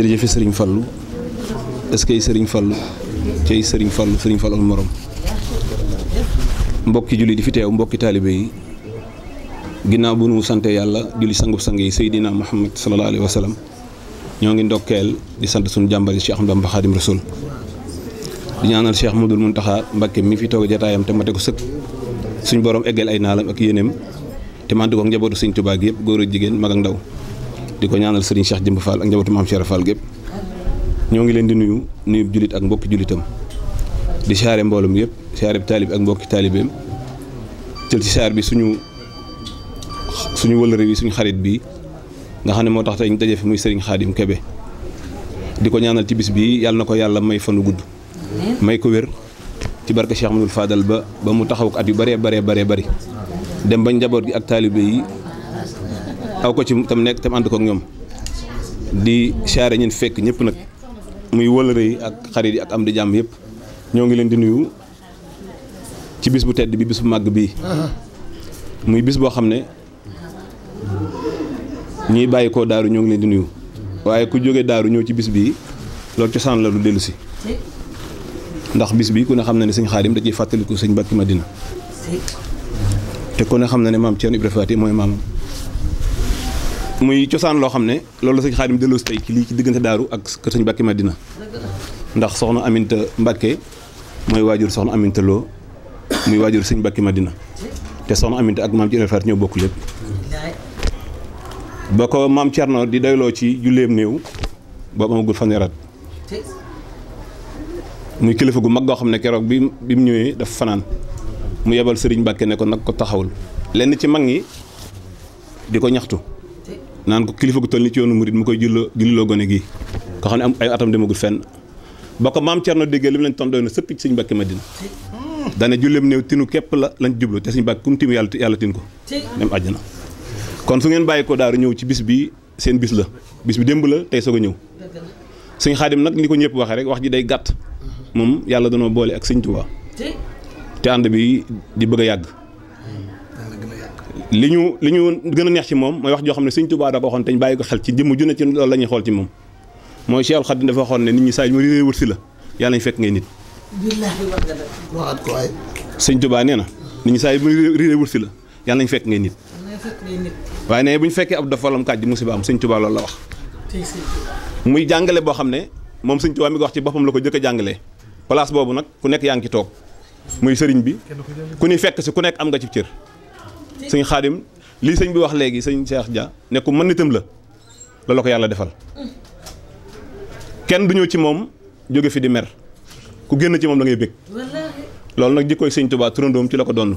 jërëjëf sëriñ Fallou est-ce que sëriñ Fallou cay sëriñ Fallou sëriñ Fallou am morom mbokki julli di fi teew mbokki taalibe yi ginnaaw bu nu sante yàlla julli sangub sang yi Seydina Muhammad sallallahu alayhi ñoo ngi ndokkeel di sant suñu jàmbari Cheikh Ahmadou Bamba Khadim Rasoul di ñaanal Cheikh Modou Mountakha Mbacké mi fi toog jataayam te mate ko sëkk suñu borom eggal ay naalam ak yéeneem te man di ko njabootu sëñ Tuubaa gi yëpp góor ak jigéen mag ak ndaw di ko ñaanal Serigne Cheikh Jëmb Fall ak njabootu maam Cheikh Fall gépp ñoo ngi leen di nuyu nuyu jullit ak mbokki jullitam di siyaare mboolum yëpp siyaare bi taalib ak mbokki taalibeem jël ci siyaar bi suñu suñu wëllëre bi suñu xarit bi nga xam ne moo tax tey ñu daje fi muy Serigne Khadim Kebe di ko ñaanal ci bii yàlla na ko yàlla may fanu gudd may ko wér ci barke Cheikh Amadou Fadal ba ba mu taxaw at yu bëree baree baree bëri dem ba njaboot gi ak taalibe yi aw ko ci tam nekk tam ànd ko ñoom di siyaare ñun fekk ñëpp nag muy wëlëre yi ak xarit yi ak am di jàmm yépp ñoo ngi leen di nuyu ci bis bu tedd bi bis bu màgg bi muy bis boo xam ne ñuy bàyyi koo daaru ñoo ngi leen di nuyu waaye ku jóge daaru ñëw ci bis bii loolu cosaan la du dellu si ndax bis bi ku ne xam na ne sëñ Xaadim da ciy fàttaliku sëñ Bakki Madina te ku ne xam na ne maam Thierno Ibrahima Faty mooy maamam muy cosaan loo xam ne loolu la sëñ Xaadim delloosi tey ci lii ci diggante daaru ak kër sëñ Mbàkke Madina ndax soxna Aminta Mbàkke mooy waajur soxna Aminta Lo muy waajur sëñ Mbàkke Madina te soxna Aminta ak maam Cerno Faati ñoo bokk lépp ba ko maam di doyloo ci julleem néew boobu amagul fanweeraat muy kilifa gu mag goo xam ne keroog bi bi mu ñëwee dafa fanaan mu yebal sëriñ Mbàkke ne ko nag ko taxawul lenn ci mag ñi di ko ñaxtu naan ko kilifa gu toll ni ci yoonu murit mu koy julloo julliloo gone gi ko xam ne am ay atam demagul fenn ba ko maam Cerno déggee li mu lañ ton doy na sëpp ci sëñ Mbàkke Madina dane julleem néew tinu képp la lañ jublu te sëñ Mbàkke kum timu yàlla yàlla tin ko dem na kon su ngeen bàyyi ko daaru ñëw ci bis bi seen bis la bis bi démb la tey soog a ñëw suñ Xaadim nag ni ko ñëpp waxee rek wax ji day gàtt moom yàlla danoo boole ak sëñ Tuubaa te ànd bi di bëgg yàgg li ñu li ñu gën a neex ci moom mooy wax joo xam ne Sëñ Tuubaa da ko waxoon te ñu bàyyi ko xel ci jëmm ju ne ci loolu la xool ci moom mooy Cheikh Khadim dafa ne nit ñi saa yu si la yàlla ñu fekk ngay nit. waxaat ko nee na nit ñi saa yu ma réeré wut si la yàlla ñu fekk ngay nit. waaye ne bu ñu fekkee ab dof walam kàjj musiba am Sëñ Tuubaa loolu la wax. muy jàngale boo xam ne moom Sëñ Tuubaa mi ko wax ci boppam la ko jëkk a jàngalee place boobu nag ku nekk yaa ngi ci toog muy sëriñ bi ku ni fekk si ku nekk am nga ci cër sëñ xaadim lii sañ bi wax léegi sañ seex Dia ne ko mën nitam la loolu ko yàlla defal kenn du ñëw ci moom jóge fi di mer ku génn ci moom da ngay bég loolu nag jikkooy sëñ Touba turandoom ci la ko doon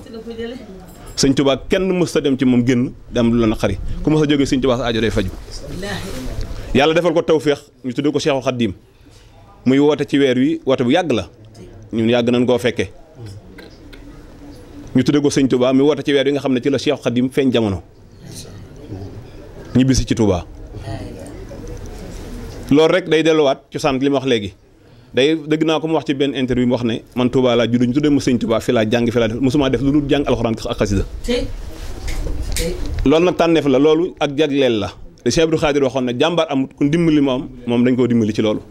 sëñ Touba kenn mës sa dem ci moom génn dem lu la naqari ku mës a jógee sëñ Touba sa aajo day faju yàlla defal ko tawféex ñu tudd ko Cheikhul Khadim muy woote ci weer wi woote bu yàgg la ñun yàgg nañ koo fekke ñu tudde ko sëñ Touba mi woote ci weer yi nga xam ne ci la Cheikh Khadim feeñ jamono ñu ci tubaa loolu rek day delluwaat cosaan li ma wax léegi day dëgg naa ko mu wax ci benn interview mu wax ne man Touba laa judd ñu tuddee ma sëñ Touba fi laa jàng fi laa def mosuma def lu dul jàng alxuraan ak xasida loolu nag tànneef la loolu ak jagleel la te Cheikh Abdou Khadir waxoon ne jàmbaar amut ku dimbali moom moom dañ koo dimbali ci loolu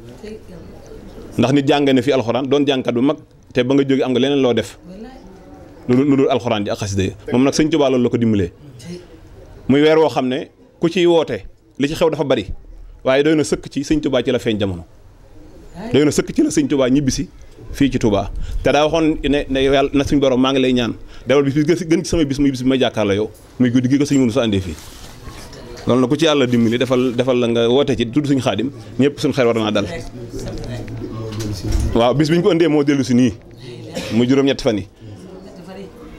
ndax nit jàng na fi alxuraan doon jàngkat bu mag te ba nga jóge am leneen loo def lu lu dul alxuraan ji ak xasida yi moom nag sëñ Tuubaa loolu la ko dimbalee muy weer woo xam ne ku ciy woote li ci xew dafa bari waaye doy na sëkk ci sëñ tubaa ci la feeñ jamono doy na sëkk ci la sëñ Tuubaa ñibbisi fii ci tubaa te daa waxoon ne ne yàlla na suñu borom maa ngi lay ñaan dawal bis bi gën ci sama bis muy bis bi may jàkkaar la yow muy guddi gi ko suñu mënu sa àndee fii loolu na ku ci yàlla dimbali defal defal la nga woote ci tudd suñ xaadim ñëpp suñ xel war naa dal waaw bi ñu ko ëndee moo dellu si nii mu juróom fan yi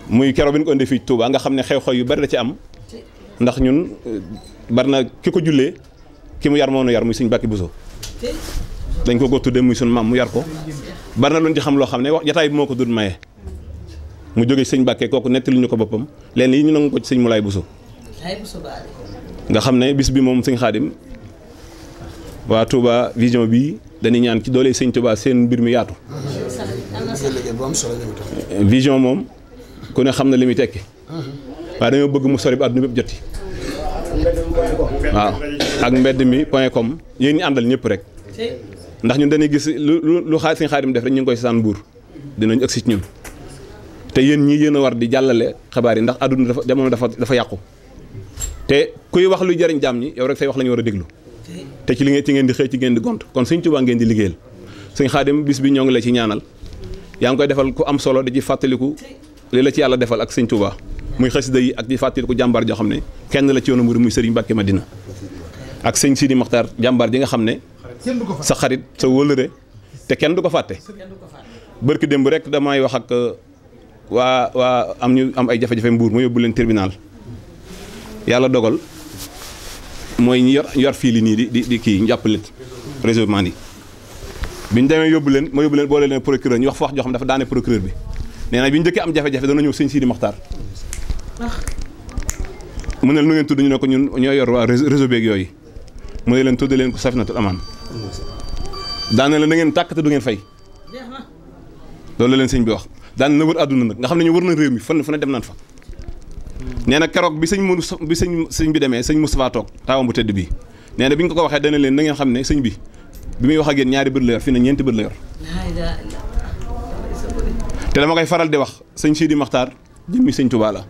muy keroog bi ñu ko indee fii Touba nga xam ne xew-xew yu bari da ci am ndax ñun eh, bari na ki ko jullee ki mu yar moo nu yar muy suñu bàkki buso dañ ko ko tuddee muy suñu maam mu yar ko bari na lu ñu ci xam loo xam ne wax jataay bi moo ko dund maye mu jógee sëñ Bàkke kooku nettali ñu ko boppam leen yi ñu nangu ko ci sëñ Mulaay Buso nga xam ne bis bi moom sëñ Xaadim waa Touba vision bi dañuy ñaan ci doole sëñ Touba seen mbir mi yaatu vision moom ku ne xam na li muy tekki waaye dañoo bëgg mu sori ba àdduna bépp joti waaw ak mbedd mi point comme yéen ñi àndal ñëpp rek ndax ñu dañuy gis lu lu lu xaar seen xaarim def rek ñu ngi koy saan buur dinañ agsi ci ñun te yéen ñii yéen a war di jàllale xabaar yi ndax àdduna dafa jamono dafa dafa yàqu te kuy wax luy jariñ jaam ñi yow rek say wax ñu war a déglu te ci li ngeen ci di xëy ci ngeen di gont kon suñ Tuubaa ngeen di liggéeyal suñ xaadim bis bi ñoo ngi la ci ñaanal yaa ngi koy defal ku am solo di fàttaliku li la ci yàlla defal ak sëñ Touba muy xasida yi ak di fàttali ko jàmbaar joo xam ne kenn la ci yoonu murid muy sëriñ Mbàkke dina ak sëñ Sidi Maxtaar jàmbaar ji nga xam ne sa xarit sa wëlëre te kenn du ko fàtte bërki démb rek damay wax ak uh, waa waa am ñu am ay jafe-jafe mbuur mu yóbbu leen tribunal yàlla dogal mooy ñu yor fii li nii di di di kii njàppalit réseau bi ñu demee yóbbu leen ma yóbbu leen boole leen procureur ñu wax fa wax joo dafa daane bi nee na bi ñu njëkkee am jafe-jafe dana ñëw sëñ Sidi Mokhtar mu ne lu ngeen tudd ñu ne ko ñun ñoo yor waa réseau beeg yooyu mu ne leen tudd leen ko Safinatul Amaan daane la na ngeen tàkk te du ngeen fay loolu la leen sëñ bi wax daane na wër àdduna nag nga xam ne ñu wër na réew mi fan fu ne dem naan fa nee na keroog bi sëñ mu bi sëñ sëñ bi demee sëñ Moustapha toog taawam bu tedd bii nee na bi ñu ko ko waxee dana leen na ngeen xam ne sëñ bi bi muy wax ak yéen ñaari bët la na ñeenti bët la te dama koy faral di wax sëñ Sidi Maxtaar jëmmi sëñ Touba la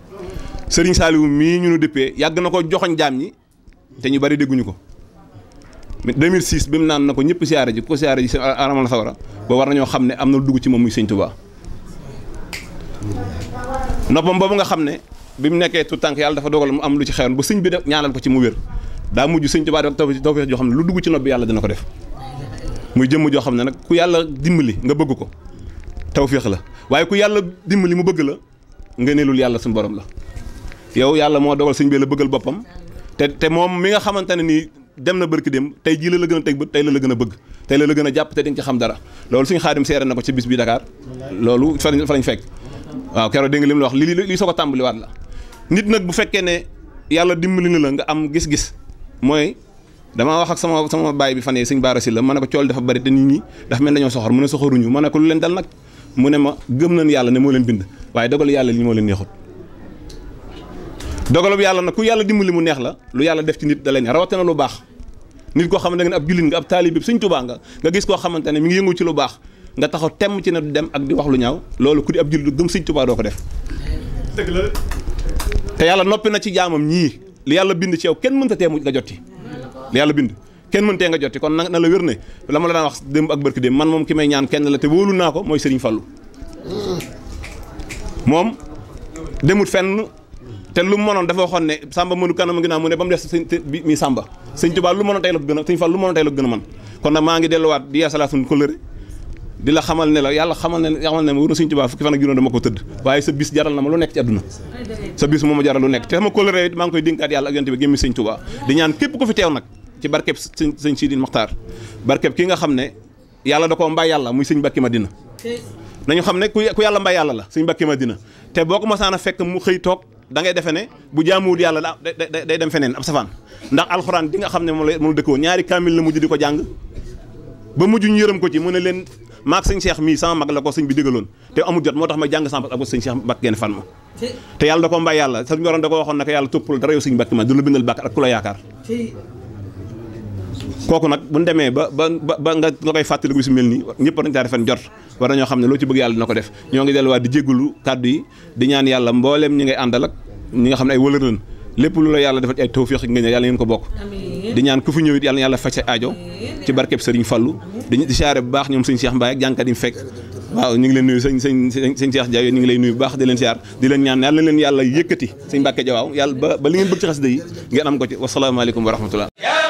sëriñ Saliou mii ñu nu dëppee yàgg na ko joxoñ jaam ñi te ñu bari dégguñu ko 2006 bi mu naan na ko ñëpp siyaare ji ko siyaare ji aramal sawara ba war ñoo xam ne am na lu dugg ci moom muy sëñ Touba noppam boobu nga xam ne bi mu nekkee tout tànk yàlla dafa dogal mu am lu ci xewoon ba sëñ bi def ñaanal ko ci mu wér daa mujj sëñ Touba dafa taw taw joo xam ne lu dugg ci nopp yàlla dina ko jëmm joo xam ne nag ku yàlla dimbali nga bëgg ko tawféex la waaye ku yàlla dimbali mu bëgg la nga nelul yàlla suñu borom la yow yàlla moo dogal sëñ bi la bëggal boppam te te moom mi nga xamante ne nii dem na bërki dem tey jii la la gën a teg bët tey la la gën a bëgg tey la la gën a jàpp te di nga ci xam dara loolu suñu xaadim seere na ko ci bis bi Dakar loolu fa lañ fekk waaw keroog dégg nga li mu la wax li li soo ko tàmbaliwaat la nit nag bu fekkee ne yàlla dimbali na la nga am gis-gis mooy damaa wax ak sama sama baay bi fan yii sëñ Baara Sylla ma ne ko cool dafa bari te ñi dafa mel dañoo soxor mu ne soxoruñu ma ne ko lu leen dal nag mu ne ma gëm nañ yàlla ne moo leen bind waaye dogalu yàlla li moo leen neexut dogalu yàlla na ku yàlla li mu neex la lu yàlla def ci nit da lay ne na lu baax nit koo xamante ne ab jullit nga ab taalibe bi Sëñ Tuubaa nga nga gis koo xamante ne mi ngi yëngu ci lu baax nga taxaw temm ci ne du dem ak di wax lu ñaaw loolu ku di ab jullit gëm Sëñ Tuubaa doo ko def te yàlla noppi na ci jaamam ñii li yàlla bind ci yow kenn mënta tee mu nga jot ci li yàlla bind kenn mëntee nga joti kon na la la ma la daan wax démb ak barki kenn la te wóolu naa ko mooy Serigne Fallou moom demut fenn te ba mu des sëñ mi Samba sëñ Tuubaa lu a a nag maa ngi delluwaat di yeesalaat suñu kóllëre di la xamal ne la yàlla xamal ne xamal ma wóor na sëñ Tuubaa fukki fan ak juróom dama ko tëdd waaye sa bis jaral na ma lu nekk ci àdduna sa bis moo ma jaral lu nekk te sama kóllëre it maa ngi koy dénkaat yàlla ak yonent bi gémmi sëñ Tuubaa di ñaan képp ku fi teew nag ci barkeb sëñ sëñ Sidi Mokhtar barkeb ki nga xam ne yàlla da koo mbay yàlla muy sëñ Mbàkke Madina nañu xam ne ku yàlla mbay yàlla la sëñ Mbàkke Madina te boo ko masaan a fekk mu xëy toog dangay ngay defe ne bu jaamuwul yàlla da day dem feneen ab safaan ndax alxuraan di nga xam ne moom la moom dëkkoon ñaari kaamil la mujj di ko jàng ba mujj ñu ko ci mu ne leen maag sëñ Cheikh mii sama mag la ko sëñ bi digaloon te amul jot moo tax ma jàng sama ak sëñ Cheikh Mbàkke genn fan yàlla da ko mbay yàlla sa waxoon naka yàlla toppul dara yow sëñ Mbàkke ma du la bindal bàkk ak ku la yaakaar kooku nag bu ñu demee ba ba ba nga nga koy fàttaliku si mel nii ñëpp war nañ caa defen jot war nañoo xam ne loo ci bëgg yàlla dina ko def ñoo ngi delluwaat di jéggulu kàddu yi di ñaan yàlla mbooleem ngay àndal ak nga xam ne ay wëlër lépp lu la yàlla defal ay tawfiix nga ñëw ko bokk di ñaan ku fi ñëw it yàlla yàlla faj sa aajo ci barkeb sëriñ Fallu di di siyaare baax ñoom sëñ Cheikh Mbaye ak jànkat fekk ñu ngi leen nuyu sëñ sëñ sëñ Cheikh Diaw ñu ngi lay nuyu baax leen siyaar di leen ñaan yàlla leen yàlla yëkkati sëñ Mbàkke Jawaaw yàlla ba li ngeen bëgg ci xasida yi ngeen am ko ci wasalaamaaleykum wa rahmatullah